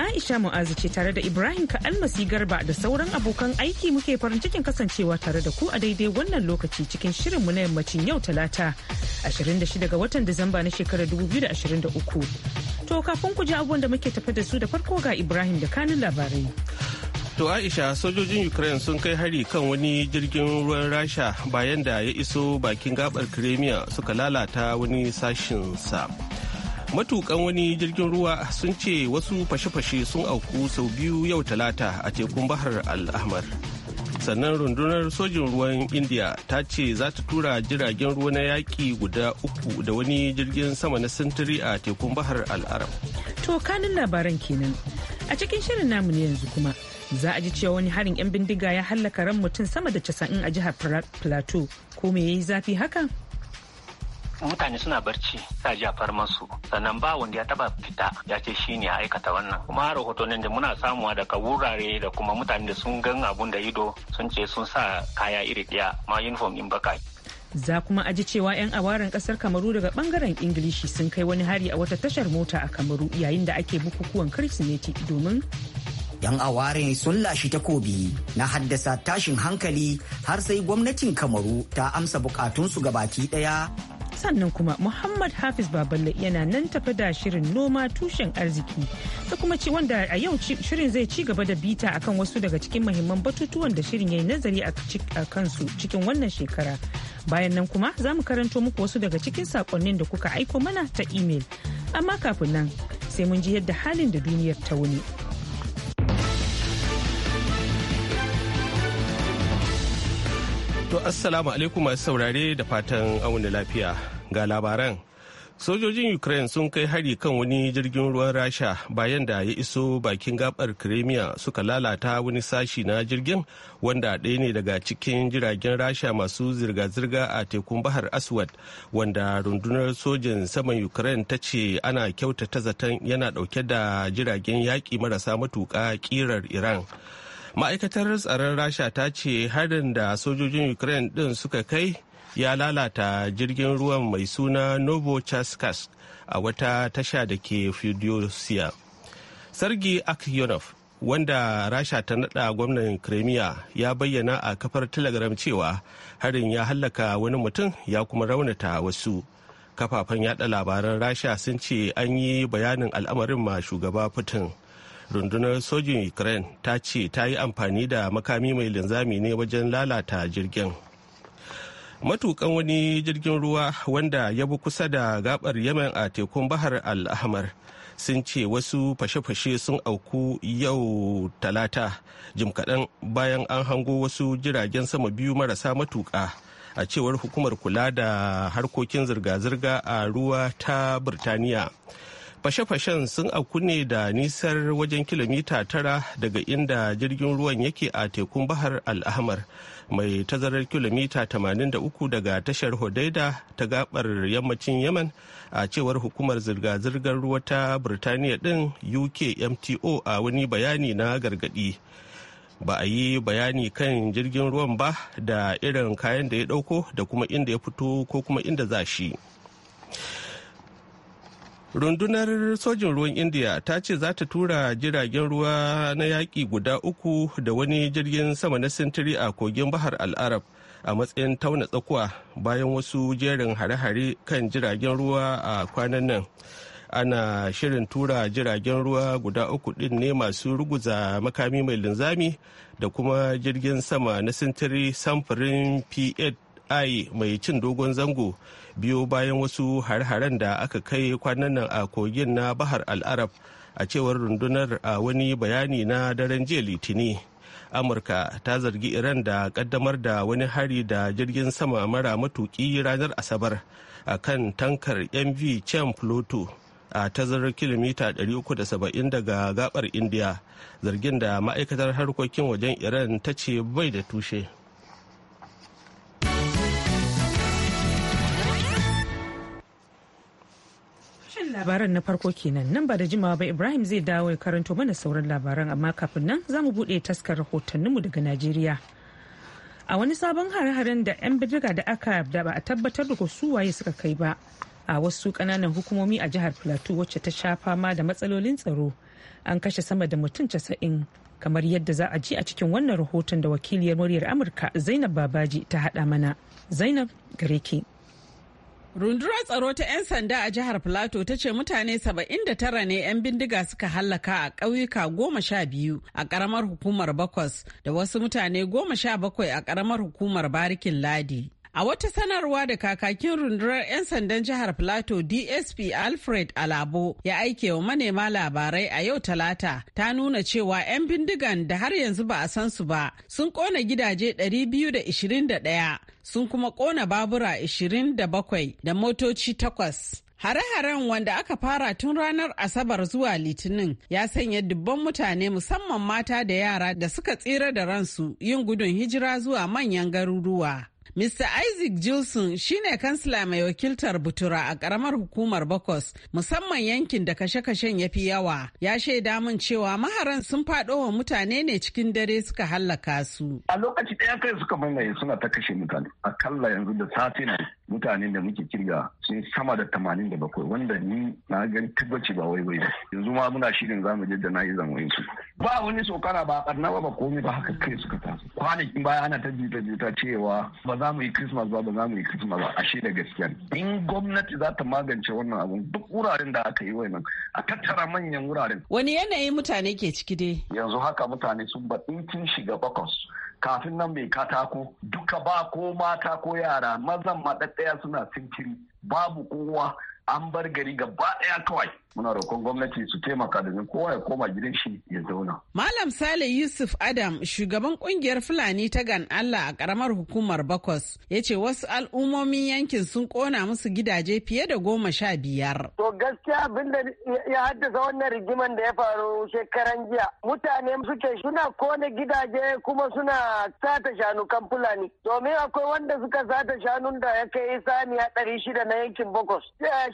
Aisha Mu'azu ce tare da Ibrahim ka almasi Garba da sauran abokan aiki muke farin cikin kasancewa tare da ku a daidai wannan lokaci cikin shirin mu na yammacin yau talata 26 ga watan Disamba na shekarar 2023. To kafin ku ji abubuwan da muke tafi da su da farko ga Ibrahim da kanin labarai. To Aisha sojojin Ukraine sun kai hari kan wani jirgin ruwan Rasha bayan da ya iso bakin gabar Crimea suka lalata wani sashin sa. matukan wani jirgin ruwa sun ce wasu fashe-fashe sun auku sau biyu yau talata a tekun bahar al-ahmar sannan rundunar sojin ruwan india ta ce za ta tura jiragen ruwa na yaƙi guda uku da wani jirgin sama na sintiri a tekun bahar al-arab to kanin labaran kenan a cikin shirin namu ne yanzu kuma za a ji cewa wani harin 'yan bindiga ya hallaka ran mutum sama da casa'in a jihar plateau ko me ya yi zafi hakan mutane suna barci sa ji a masu sannan ba wanda ya taba fita ya ce shi ne aikata wannan kuma rahotannin da muna samuwa daga wurare da kuma mutane da sun gan abun da ido sun ce sun sa kaya iri ɗaya ma uniform in baka za kuma aji cewa 'yan awarin kasar kamaru daga bangaren ingilishi sun kai wani hari a wata tashar mota a kamaru yayin da ake bukukuwan kirsimeti domin yan awarin sun lashi takobi na haddasa tashin hankali har sai gwamnatin kamaru ta amsa bukatunsu ga baki daya sannan kuma muhammad hafiz baballe yana nan tafi da shirin noma tushen arziki da kuma ci wanda a yau shirin zai ci gaba da bita akan wasu daga cikin muhimman batutuwan da shirin ya yi nazari a kansu cikin wannan shekara bayan nan kuma za mu karanto muku wasu daga cikin sakonnin da kuka aiko mana ta imel amma kafin nan sai mun ji yadda halin da duniyar ta wuni. To assalamu alaikum masu saurare da fatan auna lafiya ga labaran. Sojojin Ukraine sun kai hari kan wani jirgin ruwan Rasha bayan da ya iso bakin gabar Crimea suka lalata wani sashi na jirgin wanda ɗaya ne daga cikin jiragen Rasha masu zirga-zirga a tekun Bahar Aswad wanda rundunar sojin saman Ukraine ta ce ana kyautata zaton yana ɗauke da jiragen yaƙi marasa matuƙa ƙirar Iran. ma'aikatar tsaron rasha ta ce harin da sojojin ukraine din suka kai ya lalata jirgin ruwan mai suna novochaskas a wata tasha da ke feudosiya sargi akyonov wanda rasha ta nada gwamnan crimea ya bayyana a kafar telegram cewa harin ya hallaka wani mutum ya kuma raunata wasu kafafen yada labaran rasha sun ce an yi bayanin al'amarin ma shugaba putin rundunar sojin ukraine ta ce ta yi amfani da makami mai linzami ne wajen lalata jirgin matukan wani jirgin ruwa wanda ya bi kusa da gabar yemen a tekun bahar al sun ce wasu fashe-fashe sun auku yau talata jim kaɗan bayan an hango wasu jiragen sama biyu marasa matuƙa a cewar hukumar kula da harkokin zirga-zirga a ruwa ta birtaniya fashe-fashen sun auku ne da nisar wajen kilomita tara daga inda jirgin ruwan yake a tekun bahar al'ahmar mai tazarar kilomita 83 daga tashar hodaida ta gabar yammacin yaman a cewar hukumar zirga-zirgar ruwa ta birtaniya din uk mto a wani bayani na gargadi ba a yi bayani kan jirgin ruwan ba da irin kayan da ya dauko da kuma inda ya fito ko kuma inda za shi rundunar sojin ruwan india ta ce za ta tura jiragen ruwa na yaƙi guda uku da wani jirgin sama na sintiri a kogin bahar al-arab a matsayin tauna tsakuwa bayan wasu jerin hare-hare kan jiragen ruwa a kwanan nan ana shirin tura jiragen ruwa guda uku din ne masu ruguza makami mai linzami da kuma jirgin sama na sintiri samfurin p mai cin dogon zango biyo bayan wasu har-haren da aka kai kwanan nan a kogin na bahar al-arab a cewar rundunar a wani bayani na daren jiya litini amurka ta zargi iran da kaddamar da wani hari da jirgin sama mara matuki ranar asabar a kan tankar mv chem pluto a tazar kilomita 370 daga gabar indiya zargin da ma'aikatar harkokin wajen iran ta ce bai da tushe labaran na farko kenan nan ba da jimawa ba ibrahim zai dawo ya karanto mana sauran labaran amma kafin nan za mu buɗe taskar rahotanninmu daga najeriya a wani sabon hare-haren da 'yan bidiga da aka da ba a tabbatar da waye suka kai ba a wasu kananan hukumomi a jihar plateau wacce ta sha fama da matsalolin tsaro an kashe sama da mutum casa'in kamar yadda za a ji a cikin wannan rahoton da wakiliyar muryar amurka zainab babaji ta haɗa mana zainab gare Rundunar tsaro ta 'yan sanda a jihar Filato ta ce mutane 79 ne 'yan bindiga suka hallaka a ƙauyuka goma sha biyu a ƙaramar hukumar Bakwas da wasu mutane goma sha bakwai a ƙaramar hukumar Barikin Ladi. A wata sanarwa da kakakin rundunar 'yan sandan jihar Plateau DSP Alfred Alabo ya aike wa manema labarai a yau talata ta nuna cewa 'yan bindigan da har yanzu ba a san su ba sun kona gidaje 221 sun kuma kona babura 27 da motoci takwas. Hare-haren wanda aka fara tun ranar Asabar zuwa Litinin ya sanya dubban mutane musamman mata da yara da suka tsira da ransu yin gudun hijira zuwa manyan garuruwa. Mr. Isaac Gilson shine kansila mai wakiltar Butura a karamar hukumar Bokos musamman yankin da kashe-kashen ya fi yawa ya shaida min cewa maharan sun faɗo wa mutane ne cikin dare suka hallaka su. A lokaci ɗaya kai suka mamaye suna ta kashe mutane akalla yanzu da sati na mutane da muke kirga sun sama da tamanin da bakwai wanda ni na gan tabbaci ba wai bai yanzu ma muna shirin mu je da na yi zamoyin su. Ba wani sokara ba a ba ba komai ba haka kai suka taso kwanakin baya ana ta jita-jita cewa ba za mu yi Christmas ba ba za mu yi Christmas ba ashe da gaskiya in gwamnati za ta magance wannan abun duk wuraren da aka yi wannan a tattara manyan wuraren wani yanayi mutane ke ciki dai yanzu haka mutane sun ba tun shiga bakwas kafin nan mai katako duka ba ko mata ko yara mazan maɗaɗɗaya suna sinkiri babu kowa an bar gari gaba ɗaya kawai muna roƙon gwamnati su taimaka domin kowa ya koma gidan shi ya zauna. Malam Sale Yusuf Adam shugaban kungiyar Fulani ta gan Allah a karamar hukumar Bakos ya ce wasu al'ummomin yankin sun kona musu gidaje fiye da goma sha biyar. To gaskiya abin da ya haddasa wannan rigiman da ya faru shekaran jiya mutane suke suna kone gidaje kuma suna sata shanu kan Fulani domin akwai wanda suka sata shanun da ya kai saniya ɗari shida na yankin Bakos.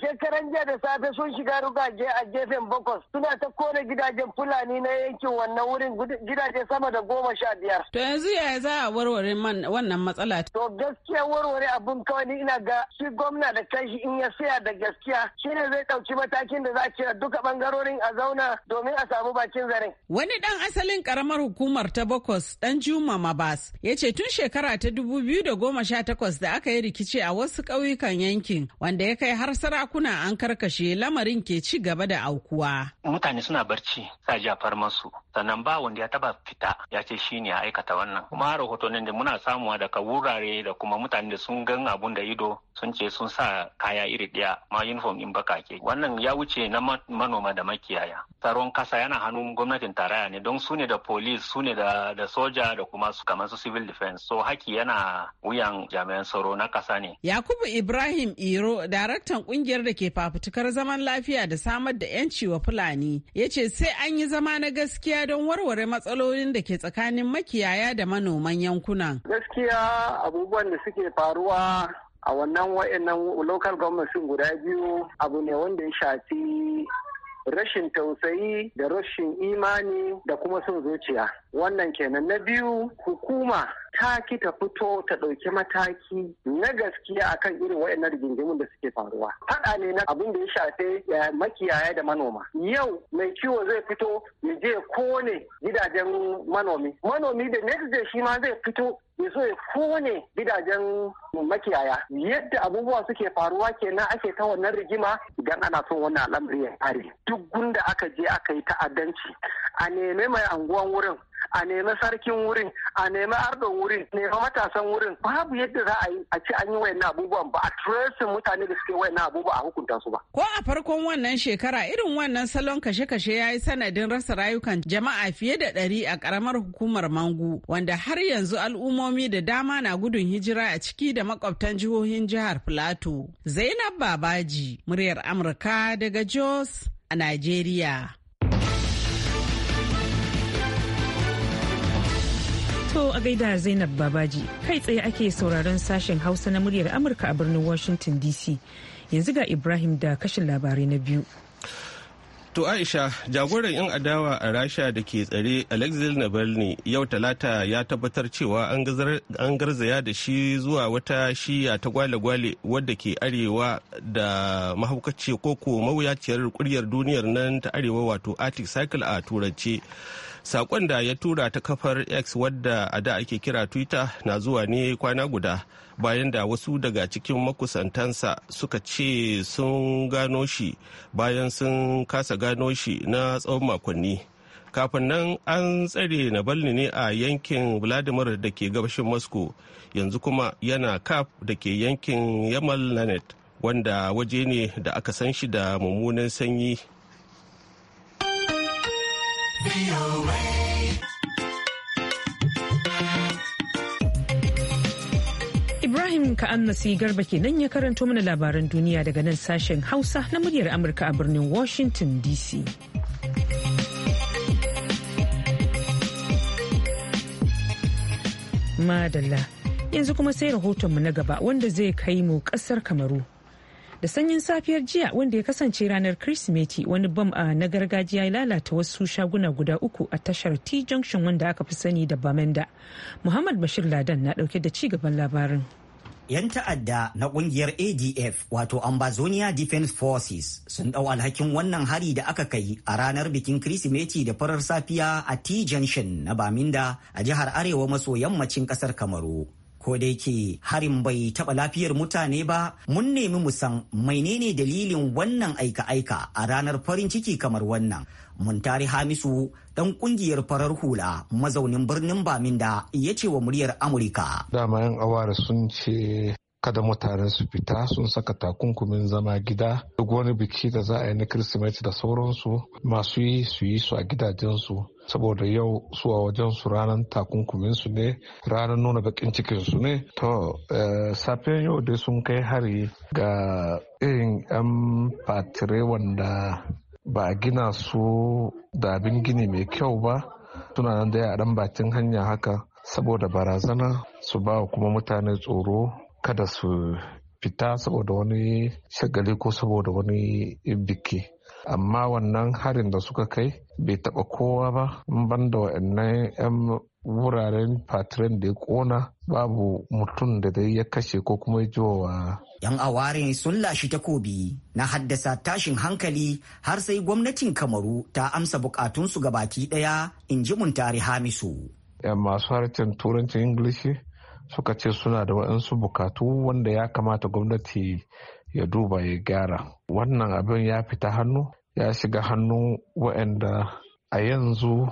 Shekaran jiya da safe sun shiga ruga gidaje a gefen bakwas suna ta kone gidajen fulani na yankin wannan wurin gidaje sama da goma sha biyar. To yanzu yaya za a warware wannan matsala? To gaskiya warware abun kawai ina ga shi gwamna da kanshi in ya saya da gaskiya shine zai ɗauki matakin da za a kira duka bangarorin a zauna domin a samu bakin zare. Wani dan asalin karamar hukumar ta bakwas ɗan Juma Mabas ya ce tun shekara ta dubu biyu da goma sha takwas da aka yi rikici a wasu ƙauyukan yankin wanda ya kai har sarakuna an karkashe lamarin ke ci ci gaba da aukuwa. Mutane suna barci sa ji a masu sannan ba wanda ya taba fita ya ce shi ne a aikata wannan. Kuma rahotonin da muna samuwa daga wurare da kuma mutane da sun gan abun da ido sun ce sun sa kaya iri ɗaya ma uniform baka bakake. Wannan ya wuce na manoma da makiyaya. Tsaron kasa yana hannun gwamnatin tarayya ne don su ne da police su ne da, da soja da kuma su kamar su civil defense. So haki yana wuyan jami'an tsaro na kasa ne. Yakubu Ibrahim Iro, daraktan kungiyar da ke fafutukar zaman lafiya da samar da 'yanci wa Fulani. Ya ce sai an yi zama na gaskiya don warware matsalolin da ke tsakanin makiyaya da manoman yankunan. Gaskiya abubuwan da suke faruwa a wannan wa'annan local government guda biyu abu ne wanda ya shafi rashin tausayi da rashin imani da kuma son zuciya. wannan kenan na biyu hukuma ta ki ta fito ta ɗauki mataki na gaskiya akan irin waɗannan rigingimun da suke faruwa. Haɗa ne na abin da ya shafe eh, makiyaya da manoma. Yau mai kiwo zai fito ya je kone gidajen manomi. Manomi da next day shi ma zai fito ya so ya kone gidajen makiyaya. Yadda abubuwa suke faruwa kenan ake ta wannan rigima idan ana son wannan al'amari ya fare. Duk gunda aka je aka yi ta'addanci a neme mai anguwan wurin a nemi sarkin wurin a nemi ardon wurin nemi matasan wurin babu yadda za a yi a ci an yi wayan abubuwan ba a tresin mutane da suke wayan abubuwa a hukunta su ba ko a farkon wannan shekara irin wannan salon kashe-kashe ya yi sanadin rasa rayukan jama'a fiye da ɗari a ƙaramar hukumar mangu wanda har yanzu al'ummomi da dama na gudun hijira a ciki da makwabtan jihohin jihar Filato. Zainab Babaji, muryar Amurka daga Jos a Najeriya. To a gaida Zainab Babaji kai tsaye ake sauraron sashen Hausa na muryar Amurka a birnin Washington DC. Yanzu ga Ibrahim da kashin labarai na biyu. To Aisha, jagoran 'yan adawa a Rasha da ke tsare Alexei Navalny yau talata ya tabbatar cewa an garzaya da shi zuwa wata shiya ta gwale-gwale wadda ke arewa da mahaukaci koko mawuyaciyar kuryar duniyar nan ta arewa wato Arctic Circle a turance. sakon da ya tura ta kafar X wadda a da ake kira Twitter na zuwa ne kwana guda bayan da wasu daga cikin makusantansa suka ce sun gano shi bayan sun kasa gano shi na tsawon makonni. kafin nan an tsare navalny ne a yankin vladimir da ke gabashin moscow yanzu kuma yana kaf da ke yankin yamal lanet wanda waje ne da aka san shi da mummunan sanyi Ibrahim Ka'annasi Garba kenan ya karanto mana labaran duniya daga nan sashen Hausa na muryar Amurka a birnin Washington DC. Madalla, yanzu kuma sai rahotonmu na gaba wanda zai kai mu kasar Kamaru. da sanyin safiyar jiya wanda ya kasance ranar kirsimeti wani bam a ah, na gargajiya ya lalata wasu shaguna guda uku a tashar t junction wanda aka fi sani da bamenda muhammad bashir ladan na dauke da ci gaban labarin 'yan ta'adda na kungiyar adf wato ambazonia defense forces sun dau alhakin wannan hari da aka kai a ranar bikin kirsimeti da farar safiya a t junction na baminda a jihar arewa maso yammacin kasar kamaru ko da yake harin bai taɓa lafiyar mutane ba mun nemi mu san menene dalilin wannan aika-aika a ranar farin ciki kamar wannan mun tari hamisu dan kungiyar farar hula mazaunin birnin baminda ya ce wa muryar amurka dama yan awara sun ce kada mutane su fita sun saka takunkumin zama gida duk wani biki da za a yi na kirsimeti da sauransu masu yi su yi su a gidajensu saboda yau suwa wajen su ranar takunkumin su ne ranar nuna bakin cikin su ne to eh, safiyan yau dai sun kai hari ga irin yan fatire wanda ba gina su da abin gini mai kyau ba suna nan da dan bakin hanya haka saboda barazana su ba kuma mutane tsoro kada su fita saboda wani shagali ko saboda wani biki amma wannan harin da suka kai bai taba kowa ba ban da wa'annan 'yan wuraren patron da ya kona babu mutum da dai ya kashe ko kuma ya wa. yan aware sun lashi takobi na haddasa tashin hankali har sai gwamnatin kamaru ta amsa bukatunsu ga baki daya in ji muntari hamisu masu harcin turancin ingilishi suka ce suna da waɗansu bukatu wanda ya kamata gwamnati ya duba ya gyara wannan abin ya fita hannu ya shiga hannu waɗanda a yanzu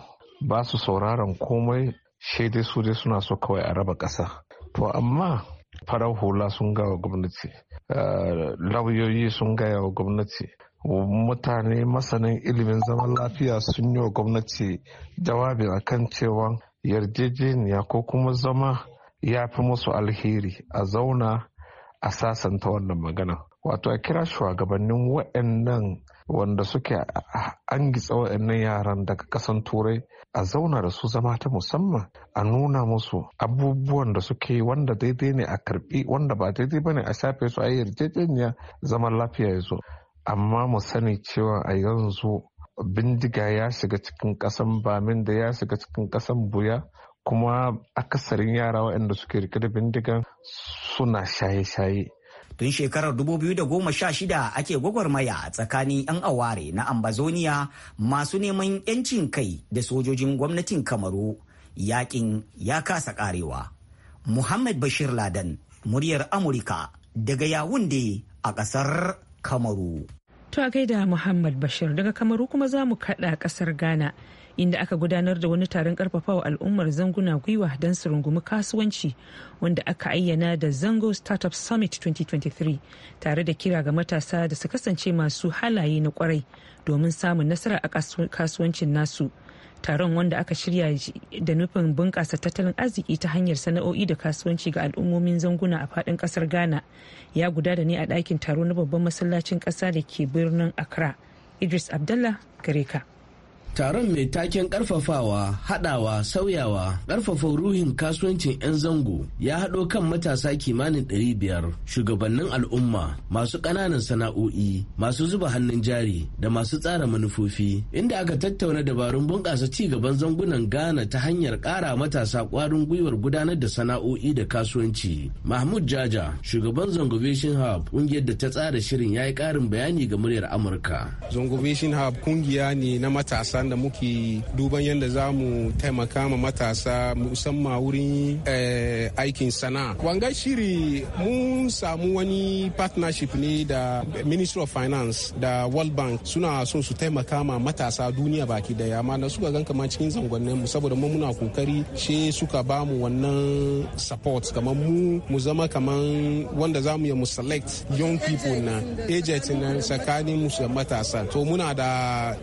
ba su sauraron komai shaidai su dai suna so kawai a raba ƙasa to amma farar hula sun gaya wa gwamnati eh, lauyoyi sun gaya wa gwamnati mutane masanin ilimin zaman lafiya sun yi wa gwamnati jawabin akan cewa yarjejeniya ko kuma zama ya fi musu alheri a zauna a sasanta wannan magana wato a kira shugabannin waɗannan wanda suke an gitsa waɗannan yaran daga kasan turai a zauna da su zama ta musamman a nuna musu abubuwan da suke wanda daidai ne a karbi wanda ba daidai ba ne a shafe su a yarjejeniya zaman lafiya ya zo amma mu sani cewa a yanzu bindiga ya shiga cikin ƙasan bamin da ya shiga cikin ƙasan buya kuma akasarin yara waɗanda suke rike da bindigan suna shaye-shaye. Tun shekarar 2016 ake gwagwarmaya tsakanin 'yan aware na Ambazonia masu neman 'yancin kai da sojojin gwamnatin Kamaru yakin ya kasa karewa. Muhammad Bashir Ladan, muryar Amurka daga Yawunde a ƙasar Kamaru. To a gaida Muhammad Bashir daga Kamaru kuma za mu kaɗa ƙasar Ghana. inda aka gudanar da wani taron karfafawa al'ummar zanguna gwiwa don su rungumi kasuwanci wanda aka ayyana da zango startup summit 2023 tare da kira ga matasa da su kasance masu halaye na kwarai domin samun nasara a kasuwancin nasu taron wanda aka shirya da nufin bunƙasa tattalin arziki ta hanyar sana'o'i da kasuwanci ga al'ummomin zanguna a faɗin ƙasar ghana ya gudana ne a ɗakin taro na babban masallacin ƙasa da ke birnin accra idris abdallah gare Taron mai taken karfafawa, hadawa, sauyawa, karfafa ruhin kasuwancin 'yan zango ya haɗo kan matasa kimanin 500 shugabannin al'umma, masu ƙananan sana'o'i, masu zuba hannun jari da masu tsara manufofi, inda aka tattauna dabarun bunƙasa ci gaban zangunan Ghana ta hanyar ƙara matasa ƙwarin gwiwar gudanar da sana'o'i da kasuwanci. Mahmud Jaja, shugaban Zango Vision Hub, ƙungiyar da ta tsara shirin ya yi ƙarin bayani ga muryar Amurka. Zango Hub ƙungiya ne na matasa sa'an da muke duban yadda za mu taimaka ma matasa musamman wurin eh, aikin sana'a wanga shiri mun samu wani partnership ne da ministry of finance da world bank suna son su taimaka ma matasa duniya baki daya yamma na suka gan kama cikin zangonnin mu saboda mu muna kokari she suka ba mu wannan support kamar mu mu zama kamar wanda za mu ya mu select young people na agent na tsakanin mu matasa to muna da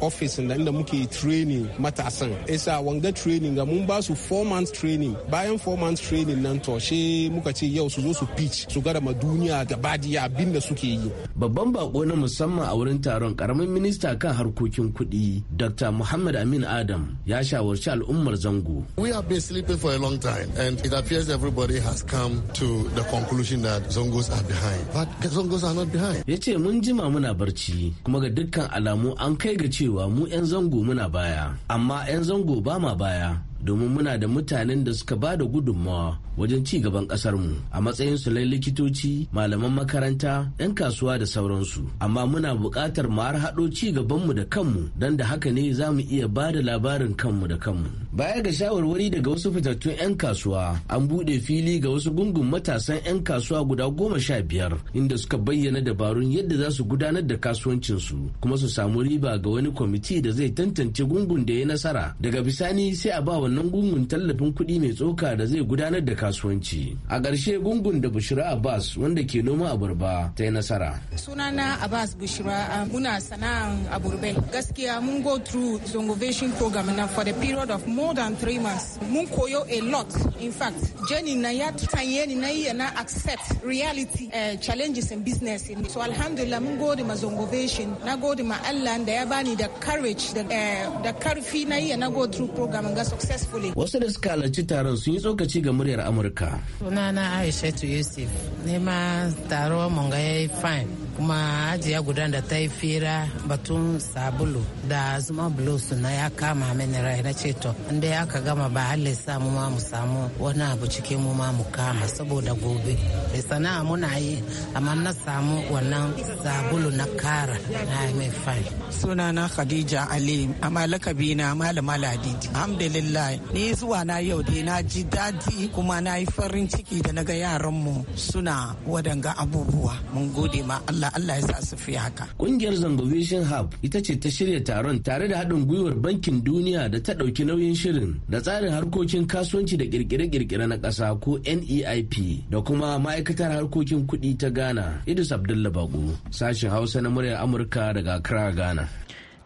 office da inda muke training matasan isa wanga training ga mun ba su four months training bayan four months training nan to she muka ce yau su zo su pitch su gara ma duniya gabadiya abin da suke yi babban bako na musamman a wurin taron karamin minista kan harkokin kuɗi dr muhammad amin adam ya shawarci al'ummar zango we have been sleeping for a long time and it appears everybody has come to the conclusion that zongos are behind but zongos are not behind yace mun jima muna barci kuma ga dukkan alamu an kai ga cewa mu 'yan zango muna muna baya amma 'yan zango ba ma baya domin muna da mutanen da suka ba da gudunmawa wajen ci gaban mu a matsayin su likitoci malaman makaranta 'yan kasuwa da sauransu amma muna buƙatar mu har ci gabanmu da kanmu don da haka ne za mu iya ba da labarin kanmu da kanmu baya ga shawarwari daga wasu fitattun 'yan kasuwa an buɗe fili ga wasu gungun matasan 'yan kasuwa guda goma sha biyar inda suka bayyana dabarun yadda za su gudanar da kasuwancinsu kuma su samu riba ga wani kwamiti da zai tantance gungun da ya nasara daga bisani sai a ba wannan gungun tallafin kuɗi mai tsoka da zai gudanar da kasuwanci a ƙarshe gungun da bushira abbas wanda ke noma abarba ta yi nasara sunana abbas bushira muna sana'an aburbai gaskiya mun go through zongovation program na for the period of more than three months mun koyo a lot in fact jenny na ya tanye ni na iya na accept reality uh, challenges in business so alhamdulillah mun gode ma zongovation na gode ma allah da ya bani da courage da eh, karfi na iya na go through program ga success successfully. Wasu da suka halarci taron sun yi tsokaci ga muryar Amurka. Sunana Aisha Yusuf, nema ma taron mun ga yayi fine. kuma ajiya guda da ta yi fira batun sabulu da zuma blues na ya kama mini rai na ce to inda ya ka gama ba halle samu ma mu samu wani abu cikin mu ma mu kama saboda gobe da sana'a muna yi amma na samu wannan sabulu na kara na mai fai suna na khadija ali amma lakabi na malama ladidi alhamdulillah ni zuwa na yau dai na ji daɗi kuma na yi farin ciki da na ga yaran mu suna wadanga abubuwa mun gode ma Allah Allah ya sa su fi haka. Kungiyar Zango Vision Hub ita ce ta shirya taron tare da haɗin gwiwar Bankin Duniya da ta ɗauki nauyin shirin da tsarin harkokin kasuwanci da ƙirƙire-ƙirƙire na ƙasa ko NEIP da kuma ma'aikatar harkokin kuɗi ta Ghana Idris Abdullah Bago sashen Hausa na muryar Amurka daga Accra Ghana.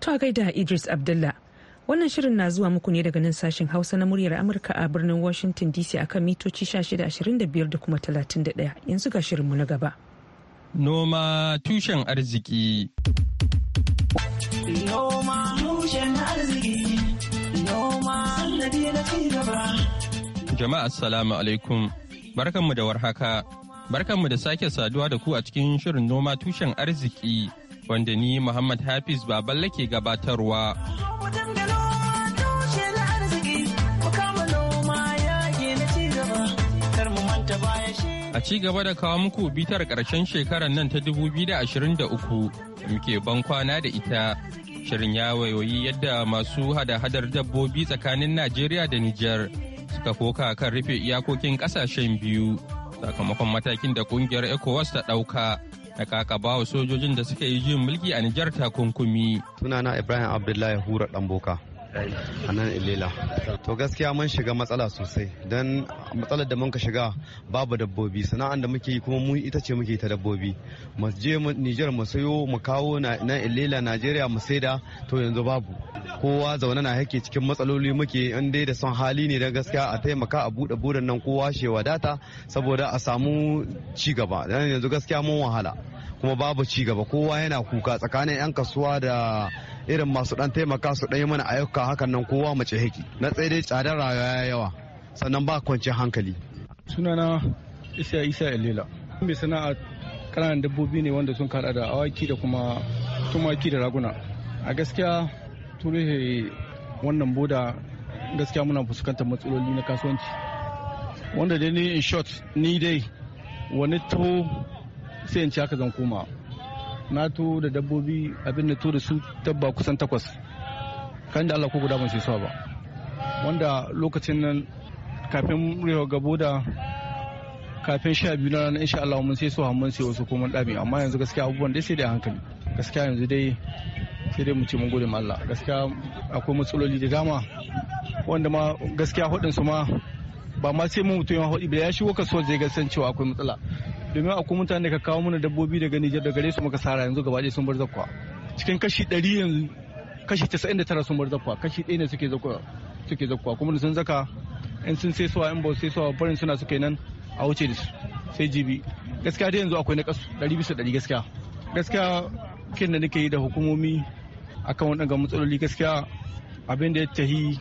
To a gaida Idris Abdullah Wannan shirin na zuwa muku ne daga nan sashen Hausa na muryar Amurka a birnin Washington DC akan mitoci 1625 da kuma 31 yanzu ga shirinmu na gaba. Noma tushen arziki. Jama'a assalamu alaikum. Barkanmu da warhaka. Barkanmu da sake saduwa da ku a cikin shirin noma tushen arziki wanda ni Muhammad Hafiz Baballe ke gabatarwa. a ci gaba da kawo muku bitar ƙarshen shekarar nan ta 2023 da muke ban kwana da ita shirin ya yadda masu hada-hadar dabbobi tsakanin najeriya da nijar suka koka kan rufe iyakokin ƙasashen biyu sakamakon matakin da kungiyar ecowas ta ɗauka na kakabawa sojojin da suka yi jin mulki a nijar takunkumi tunana ibrahim abdullahi hura boka a nan ilila to gaskiya mun shiga matsala sosai don matsalar da muka shiga babu dabbobi sana'an da muke yi kuma mu ita ce muke ta dabbobi mu je Nijar mu sayo mu kawo nan ilila Najeriya mu saida to yanzu babu kowa zaune na yake cikin matsaloli muke in dai da son hali ne da gaskiya a taimaka a buɗe buran nan kowa shi wadata saboda a samu ci gaba yanzu gaskiya mun wahala kuma babu ci gaba kowa yana kuka tsakanin 'yan kasuwa da irin masu dan taimaka su dan yi mana ayyuka hakan nan kowa mace haki na tsaye dai tsadar rayuwa yawa sannan ba kwanci hankali sunana isa isa elela mai sana'a kananan dabbobi ne wanda sun kada da awaki da kuma tumaki da raguna a gaskiya turihe wannan boda gaskiya muna fuskantar matsaloli na kasuwanci wanda dai ni in short ni dai wani to sai in ci haka zan koma na to da dabbobi abin da to da su dabba kusan takwas kan da Allah ko guda ban sai ba wanda lokacin nan kafin rewa gabo da kafin sha biyu na ranar insha Allah mun sai su hamman sai wasu kuma dami amma yanzu gaskiya abubuwan dai sai dai hankali gaskiya yanzu dai sai dai mu ce mun gode ma Allah gaskiya akwai matsaloli da dama wanda ma gaskiya hudun su ma ba ma sai mun mutum ya hudu ba ya shigo kasuwar zai ga san cewa akwai matsala domin akwai mutane da ka kawo mana dabbobi daga Nijar da gare su muka sara yanzu gaba ɗaya sun bar zakwa cikin kashi ɗari yanzu kashi da tara sun bar zakwa kashi ɗaya ne suke zakwa suke zakwa kuma sun zaka in sun sai suwa in ba sai suwa barin suna suke nan a wuce da su sai jibi gaskiya dai yanzu akwai na kasu ɗari bisa ɗari gaskiya gaskiya kin da nake yi da hukumomi akan waɗannan matsaloli gaskiya abin da ya tahi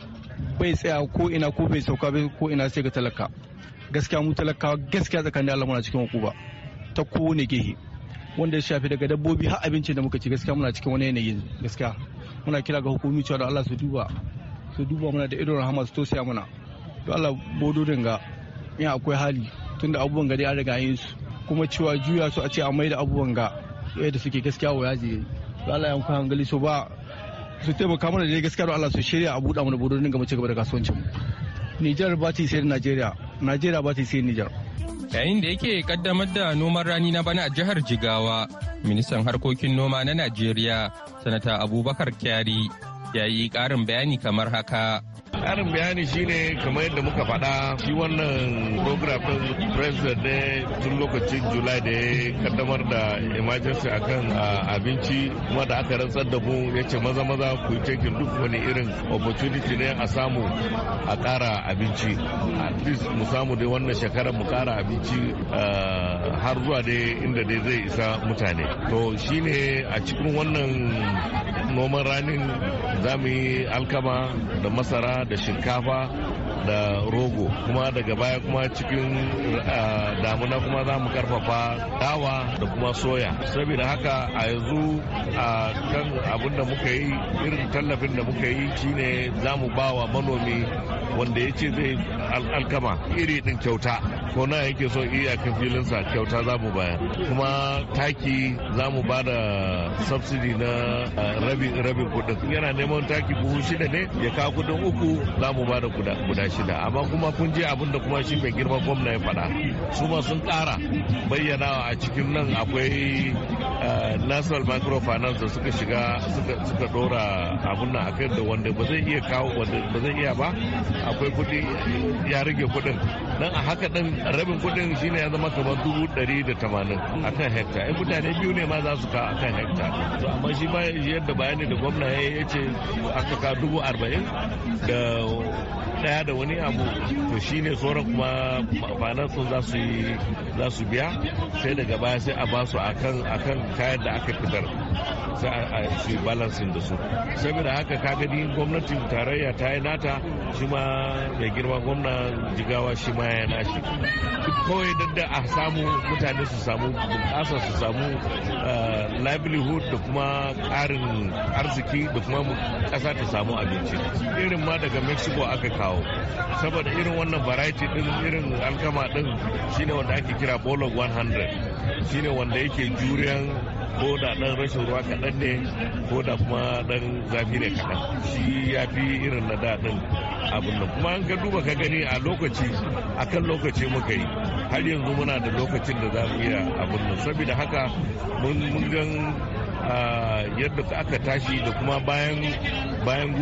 bai tsaya ko ina ko bai sauka ko ina sai ga talaka gaskiya mu talakawa gaskiya tsakanin Allah muna cikin hukuba ta kowane gehe wanda ya shafi daga dabbobi har abinci da muka ci gaskiya muna cikin wani yanayi gaskiya muna kira ga hukumi cewa da Allah su duba su duba muna da idon rahama su tosiya muna to Allah bodo dinga in akwai hali tunda abubuwan gari an riga yin su kuma cewa juya su a ce a mai da abubuwan ga yadda suke gaskiya wa yaji to Allah ya kuma hankali so ba su taimaka mana da gaskiya da Allah su shirya a buɗa mana bodo dinga mu ci gaba da kasuwancin mu Nijar ba ta sai da Najeriya najeriya ba ta sai nijar yayin da yake kaddamar da noman rani na bana a jihar jigawa ministan harkokin noma na najeriya sanata abubakar kyari ya yi karin bayani kamar haka Karin bayani shine kamar yadda muka faɗa shi wannan program ɗin president ne tun lokacin July da ya kaddamar da emergency kan abinci kuma da aka rantsar da mu ya ce maza maza ku yi cikin duk wani irin opportunity ne a samu a ƙara abinci. At least mu samu dai wannan shekarar mu ƙara abinci har zuwa dai inda dai zai isa mutane. To shine a cikin wannan noman ranin za mu yi alkama da masara da shinkafa da rogo kuma daga baya kuma cikin damuna kuma za mu karfafa dawa da kuma soya saboda haka a yanzu a kan abin da muka yi irin tallafin da muka yi shine za mu ba wa manomi wanda ya ce zai alkama iri din kyauta ko na yake so iyakan filinsa kyauta za mu bayar kuma taki za mu ba da subsidy na eh, rabin kudin yana neman taki buhu shida ne ya kawo kudin uku za mu ba da guda shida amma kuma kun je abin da kuma shi mai girma gwamna ya faɗa su ma sun ƙara bayyana a cikin nan akwai eh, national microfinance da suka shiga suka dora abun nan akan da wanda ba zai iya kawo wanda ba zai iya ba akwai kuɗi ya rage kuɗin don a haka dan rabin kuɗin shine ya zama kamar dubu ɗari da tamanin akan hekta ya mutane biyu ne ma za su ka akan hekta to amma shi ma yadda bayani da gwamna ya ce aka ka dubu arba'in da daya da wani abu to shine sauran kuma finance za su biya sai daga baya sai a ba su akan akan kayan da aka fitar sai a su balancing da su saboda haka ka gani gwamnatin tarayya ta yi nata shi ma mai girma gwamna jigawa shi ma ya nashi kawai da a samu mutane su samu bunƙasa su samu eh, livelihood da kuma ƙarin arziki da kuma kasa ta samu abinci irin ma daga mexico aka kawo saboda irin wannan variety din irin alkama din shine wanda ake kira bolog 100 shine wanda yake juriyan ko da dan rashin ruwa kaɗan ne ko da kuma dan zafi ne kaɗan shi ya fi irin na daɗin abin nan kuma an ka duba ka gani a lokaci akan lokaci muka yi har yanzu muna da lokacin da za mu iya abin nan saboda haka mun gan yadda aka tashi da kuma bayan bayan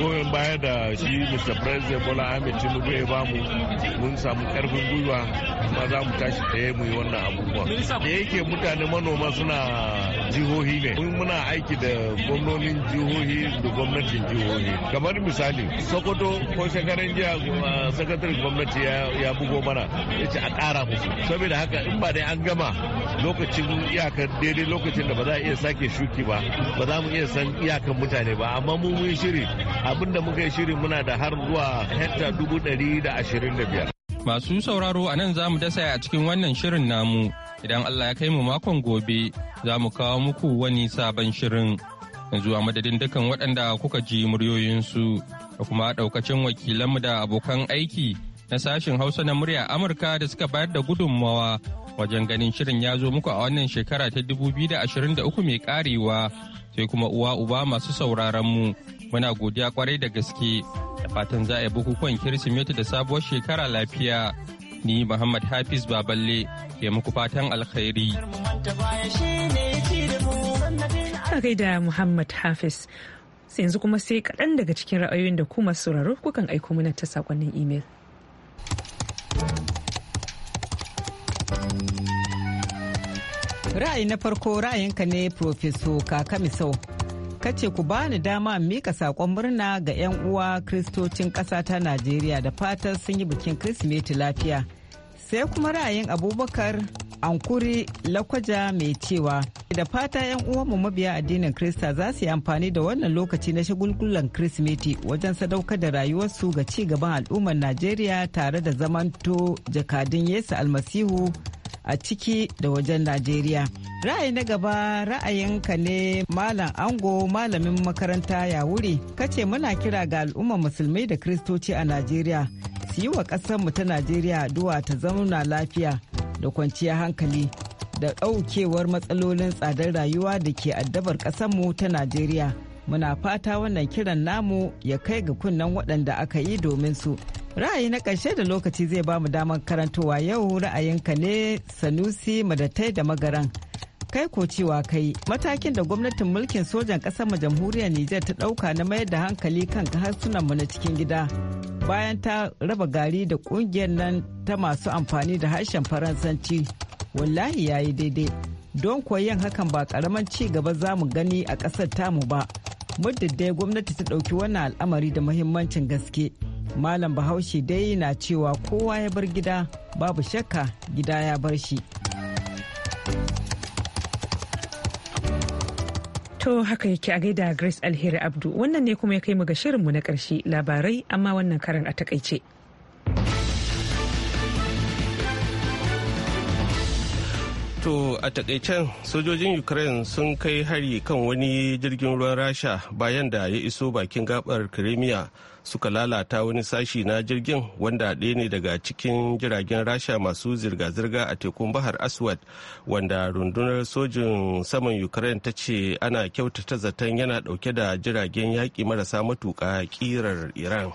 goyon baya da shi mr president bola ahmed tinubu ya bamu mun samu karfin gwiwa kuma za mu tashi tsaye mu yi wannan abubuwa da yake mutane manoma suna jihohi ne mun muna aiki da gwamnonin jihohi da gwamnatin jihohi kamar misali sokoto ko shekarun jiya uh, sakataren gwamnati ya bugo mana ya ce a kara musu saboda haka in ba dai an gama lokacin iyakar daidai lokacin da ba za a iya sake shuki ba ba za mu iya san iyakan mutane ba amma mu mun shiri da muka yi shiri muna da har zuwa hekta dubu ɗari da ashirin da biyar. Masu sauraro a nan za mu dasa a cikin wannan shirin namu Idan Allah ya kai mu makon gobe za mu kawo muku wani sabon shirin. Yanzu a madadin dukan waɗanda kuka ji muryoyinsu da kuma ɗaukacin wakilanmu da abokan aiki na sashen Hausa na murya Amurka da suka bayar da gudunmawa wajen ganin shirin ya zo muku a wannan shekara ta da uku mai karewa sai kuma uwa uba masu sauraron mu muna godiya kwarai da gaske da fatan za a yi bukukuwan kirsimeti da sabuwar shekara lafiya Ni Muhammad Hafiz Baballe ke muku fatan alkhairi. A da Muhammad Hafiz. Sai yanzu kuma sai kaɗan daga cikin ra'ayoyin da kuma sauraro kukan aiko mana ta saƙonnin imel. Ra'ayi na farko ra'ayinka ne Profeso Kaka Misau. kace ku bani dama mika sakon murna ga 'yan uwa kristocin ƙasa ta najeriya da fatan sun yi bikin kirsimeti lafiya sai kuma ra'ayin abubakar ankuri lakwaja mai cewa da fata 'yan uwanmu mabiya addinin krista za su yi amfani da wannan lokaci na shagulgulan kirsimeti wajen sadaukar da rayuwarsu ga ci gaban al'ummar najeriya tare da zamanto jakadin yesu almasihu a ciki da wajen Najeriya. Ra'ayi na gaba ra'ayinka ne Malam Ango malamin makaranta ya wuri kace muna kira ga al'umma musulmai da kristoci a Najeriya su yi wa mu ta Najeriya addu'a ta zauna lafiya da kwanciya hankali da ɗaukewar matsalolin tsadar rayuwa da ke addabar mu ta Najeriya. Muna fata wannan kiran namu ya kai ga kunnen waɗanda aka yi domin su. Ra'ayi na ƙarshe da lokaci zai ba mu damar karantowa yau ra'ayinka ne Sanusi Madatai da Magaran. Kai ko cewa kai matakin da gwamnatin mulkin sojan ƙasar mu jamhuriyar Nijar ta ɗauka na mayar da hankali kan harsunan mu na cikin gida. Bayan ta raba gari da ƙungiyar nan ta masu amfani da harshen Faransanci, wallahi ya yi daidai. Don kuwa hakan ba ƙaramin ci gaba za mu gani a ƙasar tamu ba. muddin dai gwamnati ta ɗauki wannan al'amari da muhimmancin gaske malam bahaushe dai na cewa kowa ya bar gida babu shakka gida ya bar shi To haka yake a gaida Grace Alheri Abdu wannan ne kuma ya kai mu ga shirinmu na ƙarshe labarai amma wannan karan a takaice. To a takaicen sojojin Ukraine sun kai hari kan wani jirgin ruwan Rasha bayan da ya iso bakin gabar Crimea suka lalata wani sashi na jirgin wanda ɗaya ne daga cikin jiragen Rasha masu zirga-zirga a tekun Bahar Aswad wanda rundunar sojin saman Ukraine ta ce ana kyautata zaton yana ɗauke da jiragen yaƙi marasa matuƙa ƙirar Iran.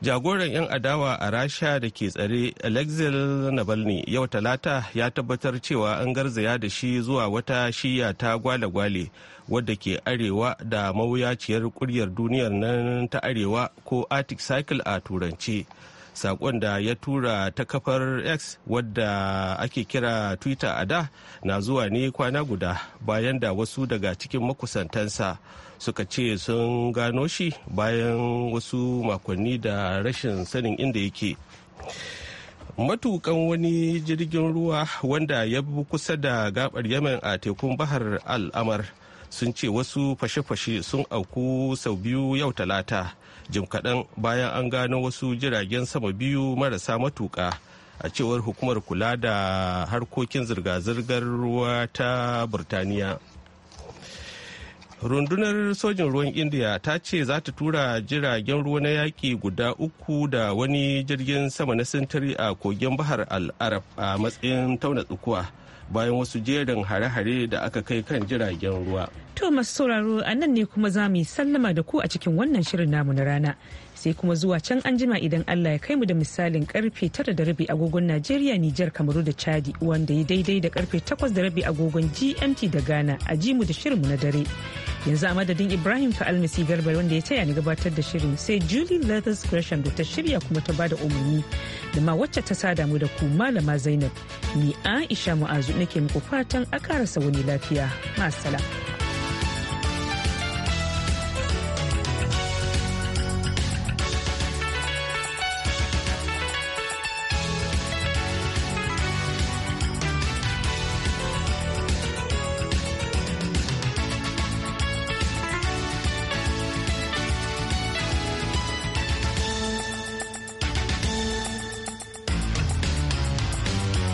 jagoran 'yan adawa a rasha da ke tsare alexei navalny yau talata ya tabbatar cewa an garzaya da shi zuwa wata shiya ta gwale-gwale wadda ke arewa da mawuyaciyar kuryar duniyar nan ta arewa ko arctic cycle a turance. sakon da ya tura ta kafar x wadda ake kira twitter a da na zuwa ne kwana guda bayan da wasu daga cikin makusantansa suka ce sun gano shi bayan wasu makonni da rashin sanin inda yake matukan wani jirgin ruwa wanda ya bi kusa da gabar yemen a tekun bahar al'amar sun ce wasu fashe-fashe sun auku sau biyu yau talata jim kaɗan bayan an gano wasu jiragen sama biyu marasa matuƙa a cewar hukumar kula da harkokin zirga-zirgar ruwa ta burtaniya rundunar sojin ruwan india ta ce za ta tura jiragen ruwa na yaƙi guda uku da wani jirgin sama na sintiri a kogin bahar al-arab a matsayin tauna tsukuwa bayan wasu jerin hare-hare da aka kai kan jiragen ruwa. To masu sauraro a nan ne kuma za mu yi sallama da ku a cikin wannan shirin namu na rana. Sai kuma zuwa can an jima idan Allah ya kai mu da misalin karfe tara da rabi agogon Najeriya, Nijar, Kamaru da Chadi wanda ya daidai da karfe takwas da rabi agogon GMT da Ghana a ji mu da shirin mu na dare. yanzu a madadin ibrahim ka almasi garba wanda ya taya ni gabatar da shirin sai julie leathers gresham da ta shirya kuma ta bada umarni da ma wacce ta sada mu da ku malama zainab ni aisha mu'azu nake muku fatan a karasa wani lafiya masala.